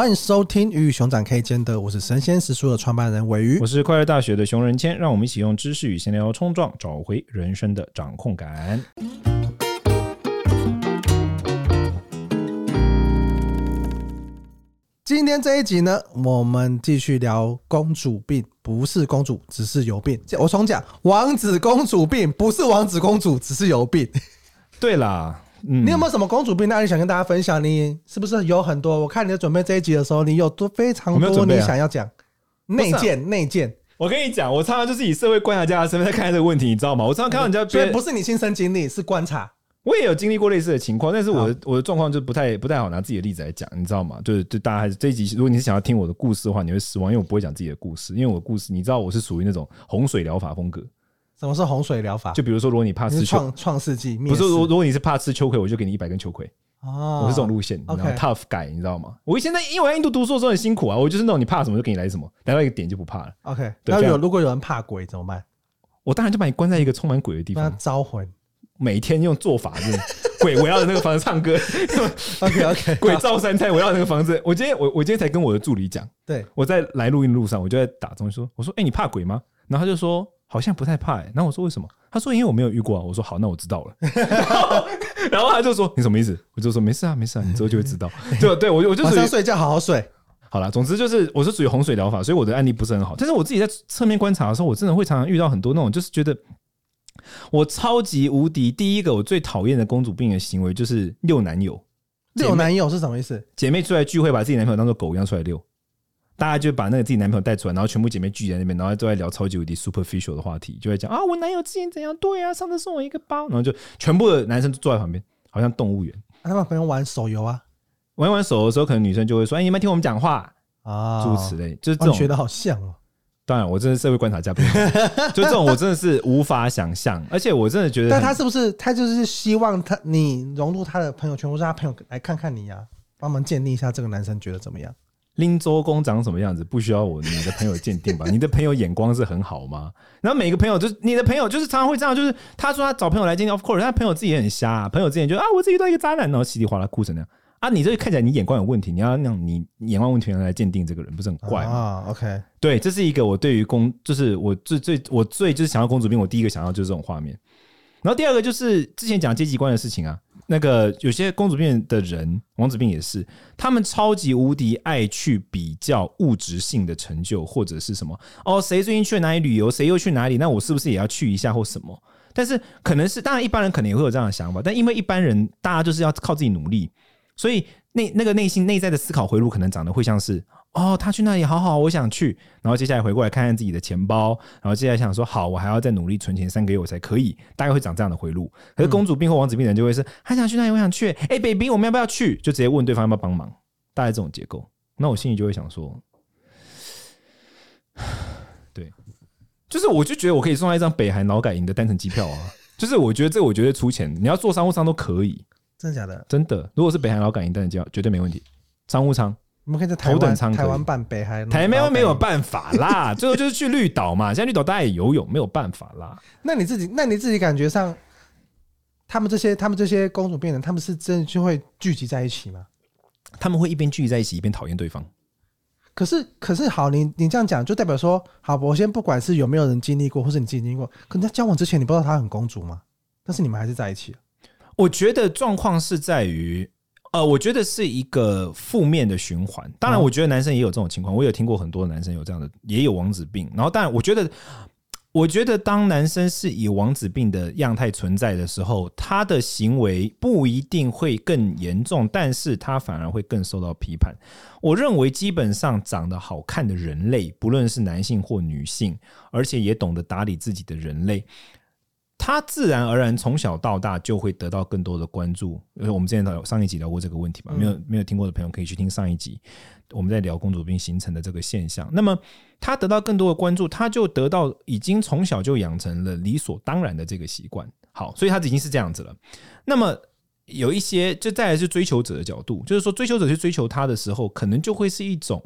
歡迎收聽《魚與熊掌可以兼得》，我是神仙食書的創辦人尾魚，我是快樂大學的熊仁謙，讓我們一起用知識與閒聊衝撞，找回人生的掌控感。今天這一集呢，我們繼續聊“公主病”，不是公主，只是有病。我重講：“王子公主病”，不是王子公主，只是有病。對啦。嗯、你有沒有什麼公主病，那你想跟大家分享？你是不是有很多？我看你在準備這一集的時候，你有多非常多你想要講內建，內、啊啊、內建，我跟你講，我常常就是以社會觀察家的身份在看這個問題，你知道嗎？我常常看到人家，不是不是你親身經歷，是觀察。我也有經歷過類似的情況，但是我的我的狀況就不太不太好拿自己的例子來講，你知道嗎？就是就大家還是這一集，如果你是想要聽我的故事的話，你會失望，因為我不會講自己的故事，因為我的故事你知道我是屬於那種洪水療法風格。什麼是洪水療法？就比如說，如果你怕吃創創世紀，不是如，如果你是怕吃秋葵，我就給你一百根秋葵哦、啊。我是這種路線然後 tough guy、okay.，你知道嗎？我以前在因為我在印度讀書的時候很辛苦啊，我就是那種你怕什麼就給你來什麼，來到一個點就不怕了。OK，要有那如果有人怕鬼怎麼辦？我當然就把你關在一個充滿鬼的地方，招魂，每天用做法用鬼圍繞的那個房子唱歌。 OK OK，鬼照三餐圍繞那個房子。我今天我我今天才跟我的助理講，對我在來錄音路上，我就在打中說，我說哎、欸、你怕鬼嗎？然後他就說。好像不太怕哎、欸，那我說為什麼？他說因為我沒有遇過啊。我說好，那我知道了。然後，然後他就說你什麼意思？我就說沒事啊，沒事啊，你之後就會知道。就，對，我我就屬於晚上睡覺好好睡。好啦，總之就是我是屬於洪水療法，所以我的案例不是很好。但是我自己在側面觀察的時候，我真的會常常遇到很多那種，就是覺得我超級無敵。第一個我最討厭的公主病的行為就是遛男友。遛男友是什麼意思？姐妹出來聚會，把自己男朋友當做狗一樣出來遛。大家就把那個自己男朋友帶出來，然後全部姐妹聚在那邊，然後都在聊超級無敵 superficial 的話題，就會講啊，我男友之前怎樣？對啊，上次送我一個包，然後就全部的男生都坐在旁邊，好像動物園。啊、他們可能玩手遊啊，玩一玩手遊的時候，可能女生就會說，哎、欸，你們聽我們講話啊，諸、哦、如此類，就是這種。啊、覺得好像哦。當然，我真的是社會觀察家， 就這種，我真的是無法想象， 而且我真的覺得。但他是不是他就是希望他你融入他的朋友圈，或是他朋友來看看你呀、啊，幫忙建立一下這個男生覺得怎麼樣？拎周公長什麼樣子？不需要我你的朋友鑑定吧？你的朋友眼光是很好嗎？ 然後每個朋友就你的朋友就是常常會這樣，就是他說他找朋友來鑑定，of course，他朋友自己也很瞎、啊，朋友自己就啊，我自己遇到一個渣男，然後稀里嘩啦哭成那樣啊！你這看起來你眼光有問題，你要讓你眼光問題來鑑定這個人，不是很怪啊。okay，對，這是一個我對於公，就是我最最我最就是想要公主病，我第一個想要就是這種畫面，然後第二個就是之前講階級觀的事情啊。那個有些公主病的人，王子病也是，他們超級無敵愛去比較物質性的成就或者是什麼哦，誰最近去哪裡旅遊，誰又去哪裡？那我是不是也要去一下或什麼？但是可能是，當然一般人可能也會有這樣的想法，但因為一般人大家就是要靠自己努力。所以，那那個內心內在的思考回路可能長得會像是哦，他去那裡好好，我想去。然後接下來回過來看看自己的錢包，然後接下來想說，好，我還要再努力存錢三個月，我才可以。大概會長這樣的回路。可是公主病或王子病的人就會是，他想去那裡，我想去。哎，baby，我們要不要去？就直接問對方要不要幫忙。大概這種結構。那我心裡就會想說，對，就是我就覺得我可以送他一張北韓勞改營的單程機票啊。就是我覺得這，我覺得出錢，你要坐商務艙都可以。真的假的？真的，如果是北韓老感應，當然結，絕對沒問題。商務艙，我們可以在台灣，台灣辦北韓。台灣沒有辦法啦， 最後就是去綠島嘛。現在綠島大家也游泳，沒有辦法啦。那你自己，那你自己感覺上，他們這些，他們這些公主病人，他們是真的就會聚集在一起嗎？他們會一邊聚集在一起，一邊討厭對方。可是，可是好，你你這樣講，就代表說，好，我先不管是有沒有人經歷過，或是你自己經歷過，可能在交往之前，你不知道她很公主嗎？但是你們還是在一起啊。我覺得狀況是在於，呃，我覺得是一個負面的循環。當然，我覺得男生也有這種情況。我有聽過很多男生有這樣的，也有王子病。然後，但我覺得，我覺得當男生是以王子病的樣態存在的時候，他的行為不一定會更嚴重，但是他反而會更受到批判。我認為，基本上長得好看的人類，不論是男性或女性，而且也懂得打理自己的人類，他自然而然從小到大就會得到更多的關注，因為我們之前有上一集聊過這個問題嘛，沒有沒有聽過的朋友可以去聽上一集，我們在聊公主病形成的這個現象。那麼他得到更多的關注，他就得到已經從小就養成了理所當然的這個習慣。好，所以他已經是這樣子了。那麼有一些，就再來是追求者的角度，就是說追求者去追求他的時候，可能就會是一種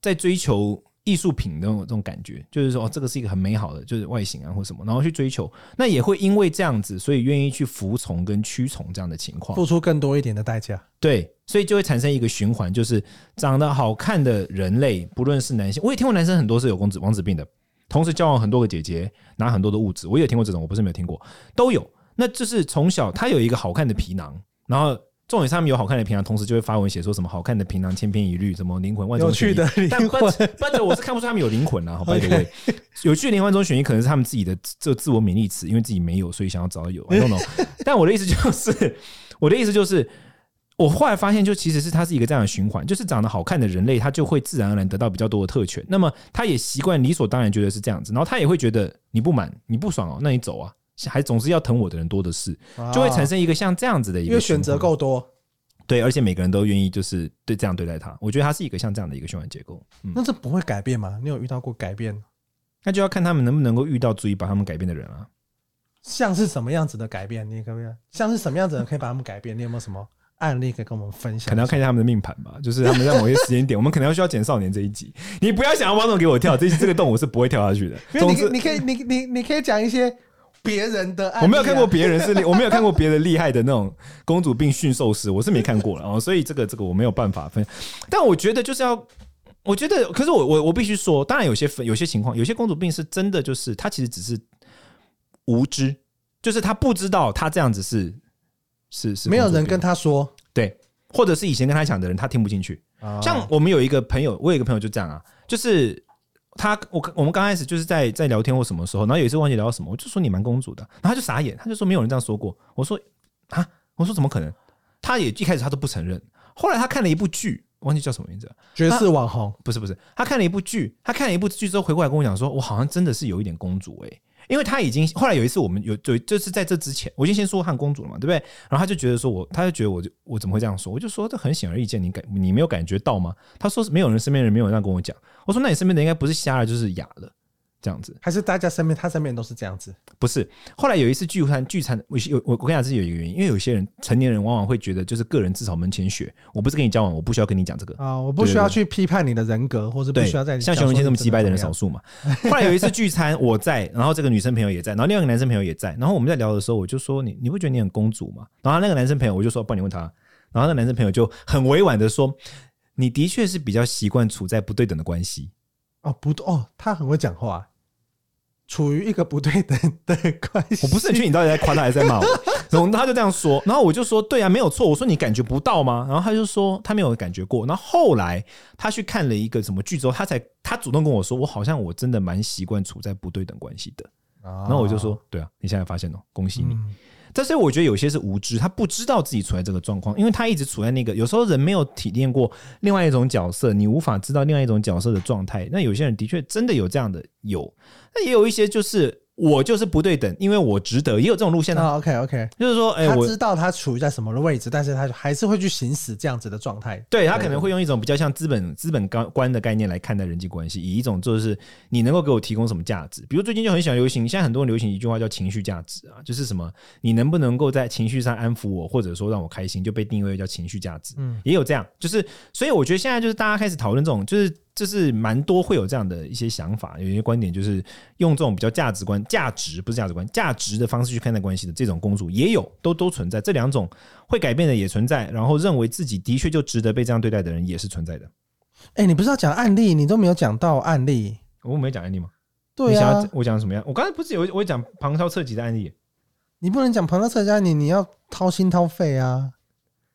在追求。藝術品的這種感覺，就是說，哦，這個是一個很美好的，就是外形啊，或什麼，然後去追求，那也會因為這樣子，所以願意去服從跟屈從這樣的情況，付出更多一點的代價。對，所以就會產生一個循環，就是長得好看的人類，不論是男性，我也聽過男生很多是有公子王子病的，同時交往很多個姐姐，拿很多的物質，我也有聽過這種，我不是沒有聽過，都有。那就是從小他有一個好看的皮囊，然後。重點是他們有好看的皮囊，同時就會發文寫說什麼好看的皮囊千篇一律，什麼靈魂萬中選一有趣的靈魂，but，but 我是看不出他們有靈魂啊，by the way，有趣靈魂中選一，可能是他們自己的這自我勉勵詞，因為自己沒有，所以想要找有。I don't know。但我的意思就是，我的意思就是，我後來發現，就其實是它是一個這樣的循環，就是長得好看的人類，他就會自然而然得到比較多的特權，那麼他也習慣理所當然覺得是這樣子，然後他也會覺得你不滿你不爽哦，那你走啊。還總是要疼我的人多的是，就會產生一個像這樣子的一個選擇夠多，對，而且每個人都願意就是對這樣對待他。我覺得他是一個像這樣的一個循環結構。那這不會改變嗎？你有遇到過改變？那就要看他們能不能夠遇到足以把他們改變的人啊。像是什麼樣子的改變？你可不可以？像是什麼樣子的，可以把他們改變？你有沒有什麼案例可以跟我們分享？可能要看一下他們的命盤吧。就是他們在某一個時間點，我們可能需要需要剪少年這一集。你不要想要挖洞給我跳，這這個洞我是不會跳下去的總之 你。你你，你可以你你你可以講一些。別人的愛，啊、我沒有看過別人是， 我沒有看過別人厲害的那種公主病馴獸師，我是沒看過了 哦。所以這個這個我沒有辦法分。但我覺得就是要，我覺得，可是我我我必須說，當然有些有些情況，有些公主病是真的，就是她其實只是無知， 就是她不知道她這樣子是是是沒有人跟她說，對，或者是以前跟她講的人她聽不進去、哦。像我們有一個朋友，我有一個朋友就這樣啊，就是。他我我們剛開始就是在在聊天或什麼時候，然後有一次忘記聊到什麼，我就說你蠻公主的，然後他就傻眼，他就說沒有人這樣說過。我說啊，我說怎麼可能？他也一開始他都不承認，後來他看了一部劇，忘記叫什麼名字，爵士王《絕世網紅》不是不是，他看了一部劇，他看了一部劇之後回過來跟我講說，我好像真的是有一點公主誒。因為他已經，後來有一次我們有，就就是在這之前，我已經先說漢公主了嘛，對不對？然後他就覺得說我，他就覺得我就，我怎麼會這樣說？我就說這很顯而易見，你感你沒有感覺到嗎？他說是沒有人，身邊人沒有這樣跟我講。我說那你身邊的應該不是瞎了，就是啞了。這樣子，還是大家身邊他，身邊都是這樣子？不是。後來有一次聚餐，聚餐我有，我跟你講是有一個原因，因為有些人成年人往往會覺得，就是各人自掃門前雪。我不是跟你交往，我不需要跟你講這個啊，我不需要對對對去批判你的人格，或者不需要再像熊文倩這麼機掰的人的少數嘛、哎。後來有一次聚餐，我在，然後這個女生朋友也在，然後另外一個男生朋友也在，然後我們在聊的時候，我就說你你不覺得你很公主嗎？然後那個男生朋友我就說幫你問他，然後那個男生朋友就很委婉的說，你的確是比較習慣處在不對等的關係哦，不對哦，他很會講話。處於一個不對等的關係，我不是很確定你到底在誇他還是在罵我。然後他就這樣說，然後我就說對啊，沒有錯。我說你感覺不到嗎？然後他就說他沒有感覺過。然後後來他去看了一個什麼劇之後，他才他主動跟我說，我好像我真的蠻習慣處在不對等關係的。然後我就說對啊，你現在發現了，恭喜你。嗯。但是我覺得有些是無知，他不知道自己處在這個狀況，因為他一直處在那個。有時候人沒有體驗過另外一種角色，你無法知道另外一種角色的狀態。那有些人的確真的有這樣的有，那也有一些就是。我就是不對等，因為我值得，也有這種路線的。Oh, OK，OK，okay, okay. 就是說，哎、欸，我知道他處於在什麼的位置，但是他還是會去行使這樣子的狀態。對，他可能會用一種比較像資本、資本觀的概念來看待人際關係，以一種就是你能夠給我提供什麼價值。比如最近就很喜歡流行，現在很多人流行一句話叫情緒價值啊，就是什麼你能不能夠在情緒上安撫我，或者說讓我開心，就被定位為叫情緒價值。嗯，也有這樣，就是所以我覺得現在就是大家開始討論這種就是。這是蠻多會有這樣的一些想法，有一些觀點就是用這種比較價值觀、價值不是價值觀、價值的方式去看待關係的這種公主也有，都都存在。這兩種會改變的也存在，然後認為自己的確就值得被這樣對待的人也是存在的。哎、欸，你不是要講案例，你都沒有講到案例，我沒講案例嗎？對啊，我講什麼樣？我剛才不是有我講旁敲側擊的案例？你不能講旁敲側擊案例，你要掏心掏肺啊！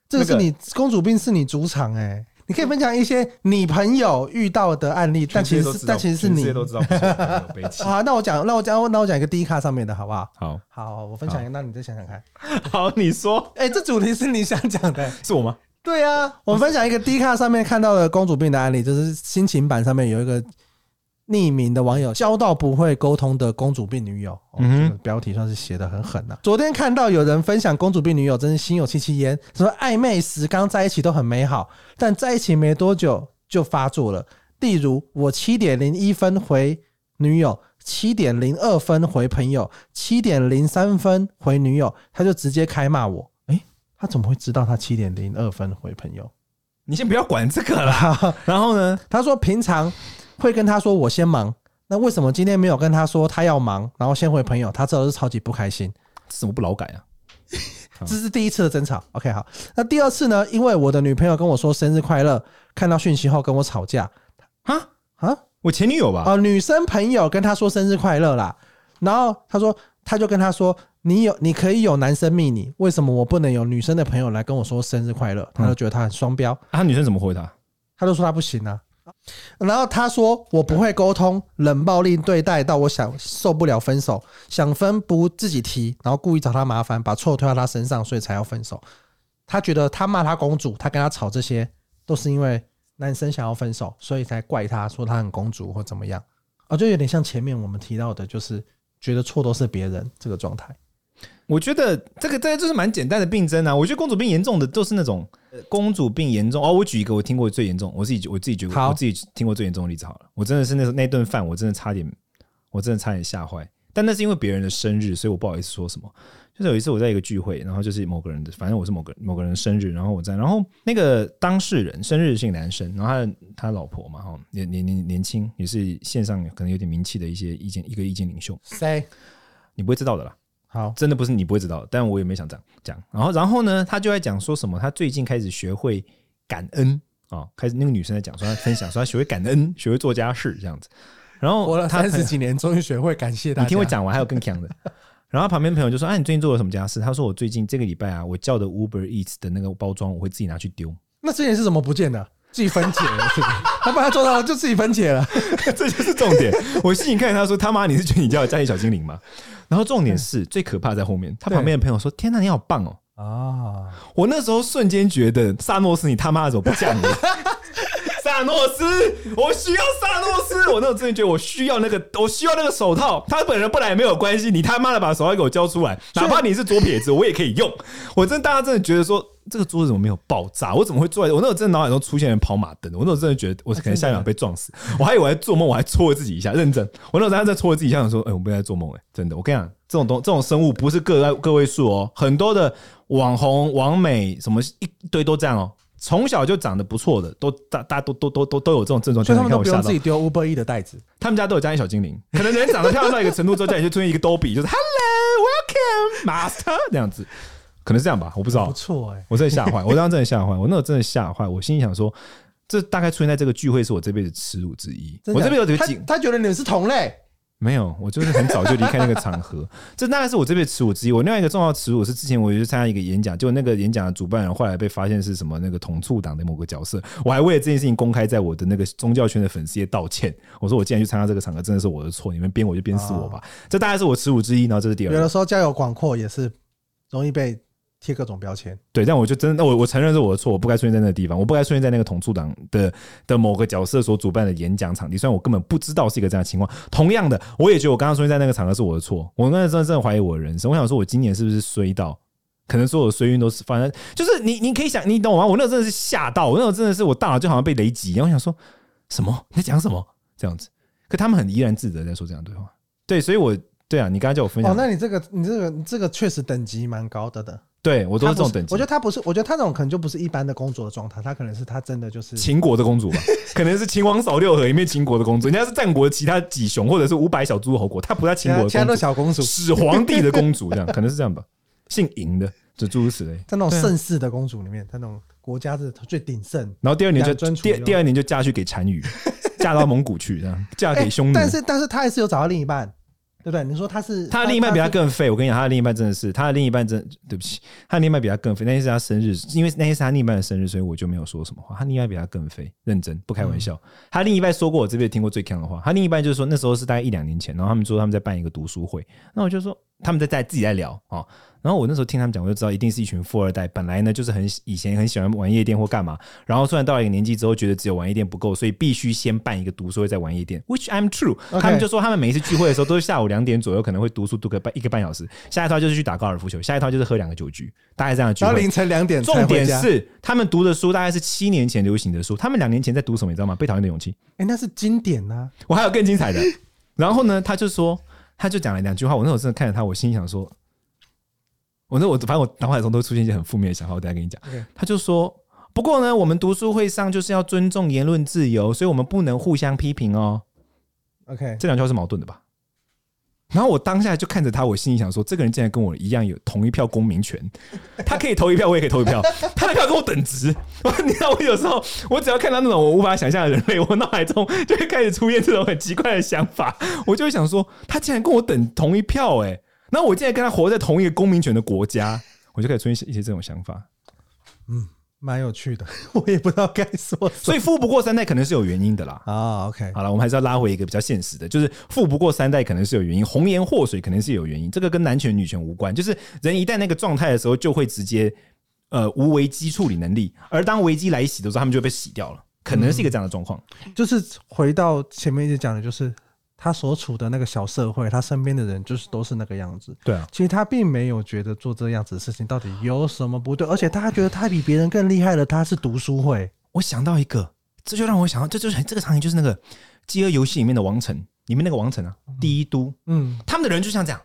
這個是你、那個、公主病是你主場哎、欸。你可以分享一些你朋友遇到的案例，但其實是但其實是你都知道 啊，那我講，那我講，那我講一個 D 卡上面的好不好？好好，我分享一個，那你再想想看。好，你說，哎、欸，這主題是你想講的， 是我嗎？對啊，我分享一個 D 卡上面看到的公主病的案例，就是心情版上面有一個。匿名的網友交到不會溝通的公主病女友，嗯、哦，這個、標題上是寫的很狠吶、啊嗯。昨天看到有人分享公主病女友，真是心有戚戚焉。說曖昧時剛在一起都很美好，但在一起沒多久就發作了。例如我七點零一分回女友，七點零二分回朋友，七點零三分回女友，他就直接開罵我。誒、欸，他怎麼會知道他七點零二分回朋友？你先不要管這個啦。 然後呢，他說平常。會跟他說我先忙，那為什麼今天沒有跟他說他要忙，然後先回朋友？他真的是超級不開心，怎麼不勞改啊？ 這是第一次的爭吵。OK，好，那第二次呢？因為我的女朋友跟我說生日快樂，看到訊息後跟我吵架。啊啊，我前女友吧？哦、呃，女生朋友跟他說生日快樂啦，然後他說他就跟他說你有你可以有男生密你，為什麼我不能有女生的朋友來跟我說生日快樂、嗯？他就覺得他很雙標。啊，女生怎麼回答？他就說他不行啊。然後他說：“我不會溝通，冷暴力對待到我想受不了分手，想分不自己提，然後故意找他麻煩，把錯推到他身上，所以才要分手。他覺得他罵他公主，他跟他吵這些，都是因為男生想要分手，所以才怪他說他很公主或怎麼樣啊。哦，就有點像前面我們提到的，就是覺得錯都是別人這個狀態。”我覺得這個大家就是蠻簡單的病症啊。我覺得公主病嚴重的都是那種，公主病嚴重哦。我舉一個我聽過最嚴重，我自己我自己舉我自己聽過最嚴重的例子好了。我真的是那那頓飯，我真的差點，我真的差點嚇壞。但那是因為別人的生日，所以我不好意思說什麼。就是有一次我在一個聚會，然後就是某個人的，反正我是某個某個人的生日，然後我在，然後那個當事人生日是一個男生，然後他他老婆嘛，哈，年年年年輕也是線上可能有點名氣的一些意見一個意見領袖，誰？你不會知道的啦。好，真的不是你不會知道的，但我也沒想這樣講。然後，然後呢，他就在講說什麼，他最近開始學會感恩啊、哦，開始那個女生在講說他分享 說他學會感恩，學會做家事這樣子。然後活了三十幾年，終於學會感謝她。你聽我講完，還有更強的。 然後旁邊朋友就說：“哎、啊，你最近做了什麼家事？”他說：“我最近這個禮拜啊，我叫的 Uber Eats 的那個包裝，我會自己拿去丟。”那之前是怎麼不見的？自己分解了 他把他做到了，就自己分解了， 這就是重點。我心裡看他說：“他媽，你是覺得你叫家，家裡小精靈嗎？”然後重點是最可怕在後面，他旁邊的朋友說：“天哪、啊，你好棒哦！”啊，我那時候瞬間覺得薩諾斯你他媽時候不嫁你？ 薩諾斯，我需要薩諾斯，我那真的覺得我需要那個， 我需要那個手套。他本人不來也沒有關係，你他媽的把手套給我交出來，哪怕你是左撇子，我也可以用。我真的，大家真的覺得說這個桌子怎麼沒有爆炸？我怎麼會坐？我那真的腦海中出現人跑馬燈，我那真的覺得我是可能下一秒被撞死，啊，我還以為我在做夢，我還戳了自己一下，認真。我那種大家在戳了自己一下想說，哎，欸，我不是在做夢，哎，真的。我跟你講，這種東這種生物不是個個位數哦，喔，很多的網紅、網美什麼一堆都這樣哦，喔。從小就長得不錯的，都大大家都都都都，都有這種症狀，所以他們不用我自己丟 Uber E 的袋子，他們家都有家庭小精靈，可能人長得漂亮到一個程度之後，家 裡就出現一個逗比，就是 Hello Welcome Master 這樣子，可能是這樣吧，我不知道，不錯、欸、我真的嚇壞，我當時真的嚇壞，我那時候真的嚇壞，我心裡想說，這大概出現在這個聚會是我這輩子恥辱之一，的的我這邊有覺得，他他覺得你們是同類。沒有，我就是很早就離開那個場合。 這大概是我這輩子恥辱之一。我另外一個重要恥辱是之前我去參加一個演講，就那個演講的主辦人後來被發現是什麼那個統促黨的某個角色，我還為了這件事情公開在我的那個宗教圈的粉絲頁道歉。我說，我既然去參加這個場合，真的是我的錯，你們鞭我就鞭死我吧。哦、這大概是我恥辱之一，然後這是第二。有人說有的時候交友廣闊也是容易被。貼各種標籤，對，但我就真的，我我承認是我的錯，我不該出現在那個地方，我不該出現在那個統促黨的的某個角色所主辦的演講場地，雖然我根本不知道是一個這樣的情況。同樣的，我也覺得我剛剛出現在那個場合是我的錯，我那真的真的懷疑我的人生。我想說，我今年是不是衰到，可能所有衰運都是發生，反正就是你，你可以想，你懂嗎？我那時候真的是嚇到，我那時候真的是我大腦就好像被雷擊，然後我想說什麼？你在講什麼？這樣子？可他們很怡然自得在說這樣的話，對，所以我對啊，你剛剛叫我分享。哦，那你這個，你這個，這個確實等級蠻高的的。對，我都是這種等級。我覺得她不是，我覺得她那種可能就不是一般的公主的狀態，她可能是她真的就是秦國的公主吧？ 可能是秦王掃六合裡面秦國的公主，人家是戰國的其他幾雄或者是五百小諸侯國，她不在秦國的。其他小公主，始皇帝的公主這樣，可能是這樣吧？ 姓嬴的，就諸如此類。在那種盛世的公主裡面，在、啊、那種國家是最鼎盛。然後第二年就第二第二年就嫁去給單於，嫁到蒙古去這樣，嫁給匈奴、欸。但是但是她還是有找到另一半。對不對？你說他是他另一半比他更廢。我跟你講，他的另一半真的是，他的另一半真，對不起，他的另一半比他更廢。那天是他生日，因為那天是他另一半的生日，所以我就沒有說什麼話。他另一半比他更廢，認真不開玩笑。嗯。他另一半說過，我這邊聽過最強的話。他另一半就是說，那時候是大概一兩年前，然後他們說他們在辦一個讀書會，那我就說。他們在在自己在聊啊，然後我那時候聽他們講，我就知道一定是一群富二代。本來呢，就是很以前很喜歡玩夜店或幹嘛，然後突然到了一個年紀之後，覺得只有玩夜店不夠，所以必須先辦一個讀書會再玩夜店。Which I'm true。Okay。他們就說，他們每一次聚會的時候都是下午兩點左右， 可能會讀書讀個半一個半小時。下一套就是去打高爾夫球，下一套就是喝兩個酒局，大概是這樣聚會。到凌晨兩點，重點是他們讀的書大概是七年前流行的書，他們兩年前在讀什麼你知道嗎？被討厭的勇氣。欸，那是經典啊。我還有更精彩的。 然後呢，他就說。他就講了兩句話，我那時候真的看着他，我心想說，我那我反正我腦海中都出現一些很負面的想法，我等下跟你講，okay. 他就說，不過呢，我們讀書會上就是要尊重言論自由，所以我們不能互相批評哦。OK，這兩句話是矛盾的吧？然後我當下就看着他，我心裡想說：“這個人竟然跟我一樣有同一票公民權，他可以投一票，我也可以投一票，他的票跟我等值。”你知道，我有時候我只要看到那種我無法想象的人類，我腦海中就會開始出現這種很奇怪的想法。我就會想說：“他竟然跟我等同一票，哎，那我竟然跟他活在同一個公民權的國家，我就可以出現一些這種想法。”嗯。蠻有趣的，我也不知道該說。所以富不過三代可能是有原因的啦，哦。啊，OK，好了，我們還是要拉回一個比較現實的，就是富不過三代可能是有原因，紅顏禍水可能是有原因，這個跟男權女權無關，就是人一旦那個狀態的時候，就會直接呃無危機處理能力，而當危機來襲的時候，他們就被洗掉了，可能是一個這樣的狀況，嗯。就是回到前面一直講的，就是。他所處的那個小社會，他身邊的人就是都是那個樣子。對啊,其實他並沒有覺得做這樣子的事情到底有什麼不對，而且他還覺得他比別人更厲害了。他是讀書會，我想到一個，這就讓我想到，這就是這個場景，就是那個《飢餓遊戲》裡面的王城，裡面那個王城啊，嗯，第一都，嗯，他們的人就像這樣。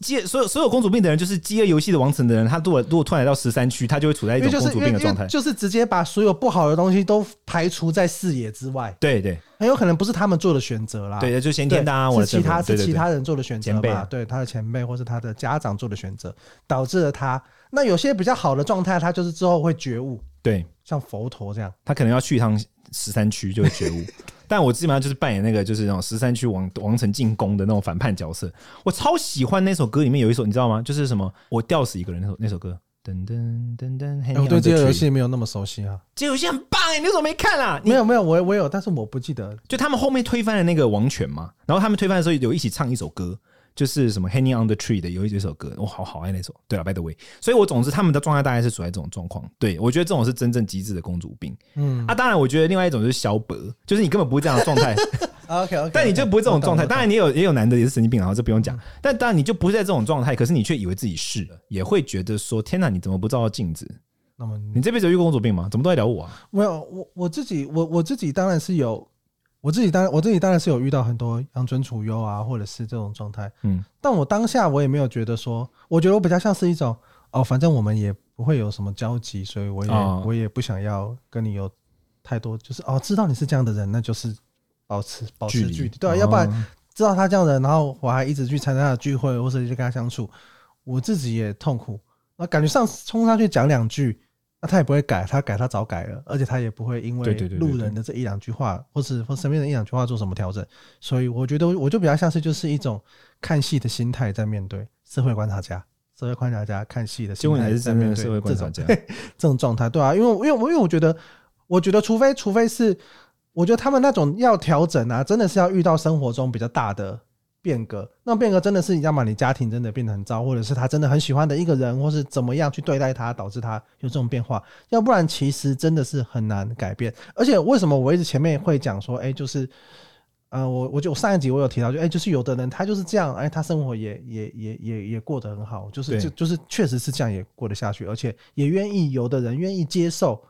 飢所有所有公主病的人，就是飢餓遊戲的王城的人。他如果如果突然來到十三區，他就會處在一種公主病的狀態。就是、就是直接把所有不好的東西都排除在視野之外。對對，很有可能不是他們做的選擇啦。對，就先天、啊、我的，是其他是其他人做的選擇吧，對對對對。對，他的前輩或者他的家長做的選擇，導致了他。那有些比較好的狀態，他就是之後會覺悟。對，像佛陀這樣，他可能要去一趟十三區就會覺悟。 但我基本上就是扮演那個，就是那種十三區王王城進攻的那種反叛角色。我超喜歡那首歌，裡面有一首，你知道嗎？就是什麼我吊死一個人那首那首歌。我、啊、對這個遊戲沒有那麼熟悉啊，這遊戲很棒哎、欸，你怎麼沒看啦？沒有沒有，我我有，但是我不記得。就他們後面推翻了那個王權嘛，然後他們推翻的時候有一起唱一首歌。就是什麼 Hanging on the Tree 的有一這首歌，我好好愛那首。對了，by the way，所以我總之他們的狀態大概是處在這種狀況。對，我覺得這種是真正極致的公主病。嗯啊，當然我覺得另外一種就是小伯，就是你根本不是這樣的狀態。 okay, okay, OK OK，但你就不是這種狀態。當然你也有，也有男的也是神經病，然後這不用講、嗯。但當然你就不是在這種狀態，可是你卻以為自己是，也會覺得說天哪，你怎麼不照照鏡子？那麼你，你這輩子有遇過公主病嗎？怎麼都在聊我？啊？沒、well, 有，我我自己我我自己當然是有。我自己當然，然我自己當然是有遇到很多養尊處優啊，或者是這種狀態。嗯，但我當下我也沒有覺得說，我覺得我比較像是一種哦，反正我們也不會有什麼交集，所以我也、哦、我也不想要跟你有太多，就是哦，知道你是這樣的人，那就是保持保持距離，對啊，要不然知道他這樣人，然後我還一直去參加他的聚會，或是去跟他相處，我自己也痛苦，那感覺上衝上去講兩句。那、啊、他也不會改，他改他早改了，而且他也不會因為路人的這一兩句話，對對對對對對，或是或身邊的一兩句話做什麼調整。所以我覺得，我就比較像是就是一種看戲的心態在面對社會觀察家、社會觀察家看戲的心態，還是身邊的社會觀察家這種狀態，對啊，因為，因為我，因為我覺得，我覺得，除非，除非是，我覺得他們那種要調整啊，真的是要遇到生活中比較大的。變革，那變革真的是要麼你家庭真的變得很糟，或者是他真的很喜歡的一個人，或是怎麼樣去對待他，導致他有這種變化。要不然，其實真的是很難改變。而且，為什麼我一直前面會講說，哎、欸，就是，呃我，我我就上一集我有提到就，就哎，就是有的人他就是這樣，哎、欸，他生活也也也也也過得很好，就是就就是確實是這樣也過得下去，而且也願意有的人願意接受。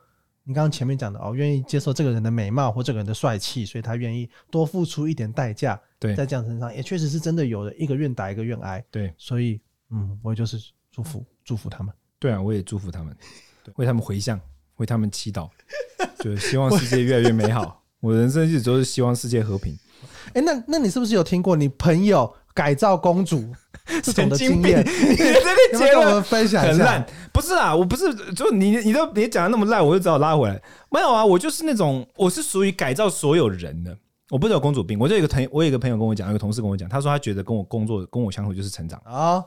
你剛剛前面講的哦，願意接受這個人的美貌或這個人的帥氣，所以他願意多付出一點代價。對，在這樣身上，也確實是真的有，有的一個願打，一個願挨。對，所以，嗯，我就是祝福祝福他們。對啊，我也祝福他們，對，為他們回向，為他們祈禱，就是希望世界越來越美好。 我人生一直都是希望世界和平。誒、欸，那那你是不是有聽過你朋友改造公主？很神經病，這 你這個分享很爛，不是啊？我不是，就你，你都別講的那麼爛，我就只好拉回來。沒有啊，我就是那種，我是屬於改造所有人的，我不是有公主病。我就有個朋，我有一個朋友跟我講，有個同事跟我講，他說他覺得跟我工作、跟我相處就是成長啊，oh.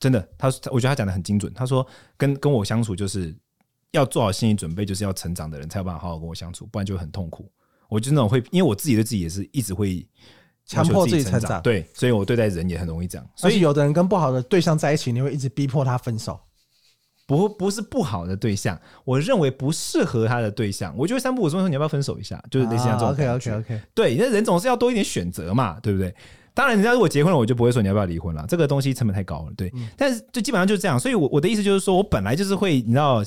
真的。他我覺得他講的很精準，他說跟跟我相處就是要做好心理準備，就是要成長的人才有辦法好好跟我相處，不然就很痛苦。我就那種會，因為我自己對自己也是一直會。強迫自己成長，對，所以我對待人也很容易這樣。所以有的人跟不好的對象在一起，你會一直逼迫他分手，不，不是不好的對象，我認為不適合他的對象，我就會三不五時的說你要不要分手一下，就是類似像這種，OK、啊啊、OK OK，, okay, okay 對，因為人總是要多一點選擇嘛，對不對？當然，人家如果結婚了，我就不會說你要不要離婚了，這個東西成本太高了，對。但是就基本上就是這樣，所以，我我的意思就是說，我本來就是會，你知道。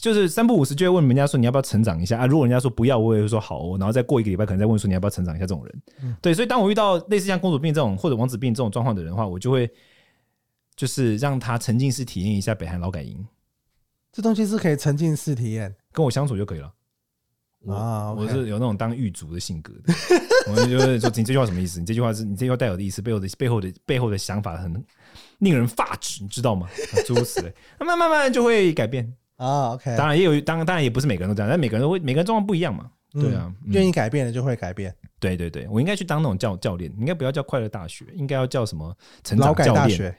就是三不五時就會問人家說，你要不要成長一下啊？如果人家說不要，我也會說好、哦，然後再過一個禮拜可能再問說你要不要成長一下這種人。對，所以當我遇到類似像公主病這種或者王子病這種狀況的人的話，我就會就是讓他沉浸式體驗一下北韓勞改營。這東西是可以沉浸式體驗，跟我相處就可以了啊。啊、okay，我是有那種當獄卒的性格。我就說，你這句話什麼意思？你這句話是你這句話代表的意思，背後的背後的背後的想法很令人發指，你知道嗎？諸如此類，那慢慢慢就會改變。啊、oh，OK，當然也有，當當然也不是每個人都這樣，但每個人都會，每個人狀況不一樣嘛，對啊，願、嗯嗯、意改變的就會改變，對對對，我應該去當那種教教練，應該不要叫快樂大學，應該要叫什麼成長教練，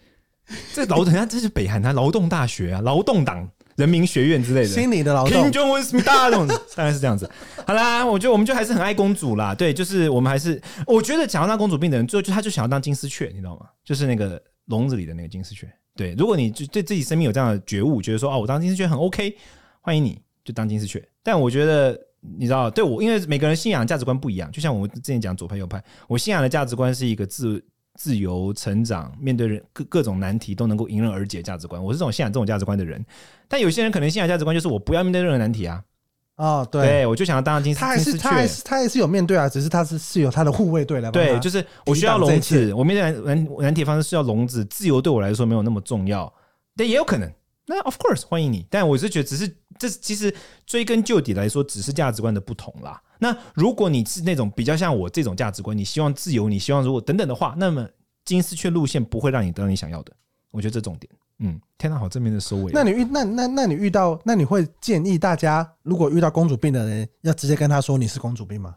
這勞人家這是北韓他勞動大學啊，勞動黨人民學院之類的，心理的勞動，daughter, 大這當然是這樣子。好啦，我覺得我們就還是很愛公主啦，對，就是我們還是，我覺得想要當公主病的人，最後就他就想要當金絲雀，你知道嗎？就是那個籠子裡的那個金絲雀。對，如果你就對自己生命有這樣的覺悟，覺得說啊、哦，我當金絲雀很 OK，歡迎你就當金絲雀。但我覺得你知道，對我，因為每個人信仰的價值觀不一樣。就像我之前講左派右派，我信仰的價值觀是一個自自由成長，面對人各各種難題都能夠迎刃而解的價值觀。我是這種信仰這種價值觀的人，但有些人可能信仰的價值觀就是我不要面對任何難題啊。哦、oh，對，我就想要當金絲金絲雀，他還是他還是他還是，是有面對啊，只是他是是有他的護衛隊來。對，就是我需要籠子，我面對難難題方式是需要籠子，自由對我來說沒有那麼重要，但也有可能。那 Of course，歡迎你，但我是覺得，只是這是其實追根究底來說，只是價值觀的不同啦。那如果你是那種比較像我這種價值觀，你希望自由，你希望如果等等的話，那麼金絲雀路線不會讓你得到你想要的。我覺得這重點。嗯，天吶、啊，好正面的收尾、啊。那你遇那那那你遇到那你會建議大家，如果遇到公主病的人，要直接跟他說你是公主病嗎？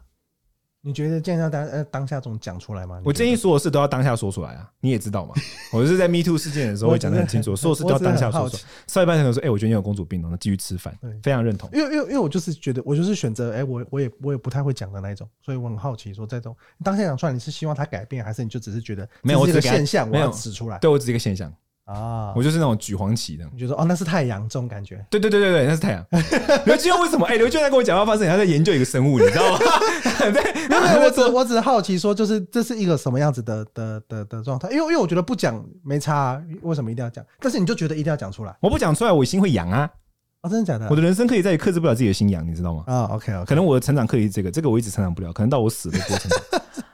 你覺得建議要當呃當下總講出來嗎？我建議所有事都要當下說出來啊，你也知道嘛。 我就是在 Me Too 事件的時候，會講得很清楚，所有事都要當下說出來。上一半可能說，哎、欸，我覺得你有公主病，然後繼續吃飯，對，非常認同。因為因為因為我就是覺得我就是選擇，哎、欸，我我也我也不太會講的那一種，所以我很好奇說，在這種當下講出來，你是希望他改變，還是你就只是覺得沒有這個現象，沒有指出來？沒有對我只是一個現象。啊，我就是那種橘黃旗的，你就說哦，那是太陽這種感覺。對對對對對，那是太陽。劉 俊為什麼？哎、欸，劉俊在跟我講，話發現他在研究一個生物，你知道嗎？ 對，因 為我只我只好奇，說就是這是一個什麼樣子的的的的狀態？因為因為我覺得不講沒差、啊，為什麼一定要講？但是你就覺得一定要講出來？我不講出來，我心會癢啊！啊、哦，真的假的？我的人生課題再也克制不了自己的心癢，你知道嗎？啊、哦、okay,，OK，可能我的成長課題是這個，這個我一直成長不了，可能到我死的過程。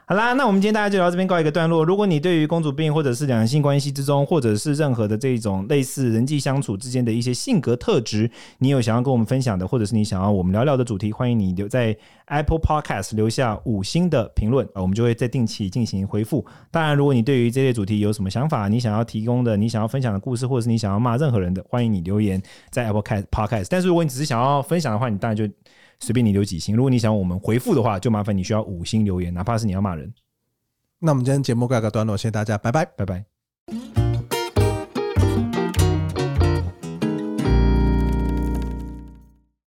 好啦，那我們今天大家就聊到這邊，告一個段落。如果你對於公主病，或者是兩性關係之中，或者是任何的這種類似人際相處之間的一些性格特質，你有想要跟我們分享的，或者是你想要我們聊聊的主題，歡迎你留在 Apple Podcast 留下五星的評論啊，我們就會再定期進行回復。當然，如果你對於這類主題有什麼想法，你想要提供的，你想要分享的故事，或者是你想要罵任何人的，歡迎你留言在 Apple Podcast。但是如果你只是想要分享的話，你當然就。隨便你留幾星，如果你想我們回覆的話，就麻煩你需要五星留言，哪怕是你要罵人。那我們今天節目告一個段落，謝謝大家，拜拜，拜拜。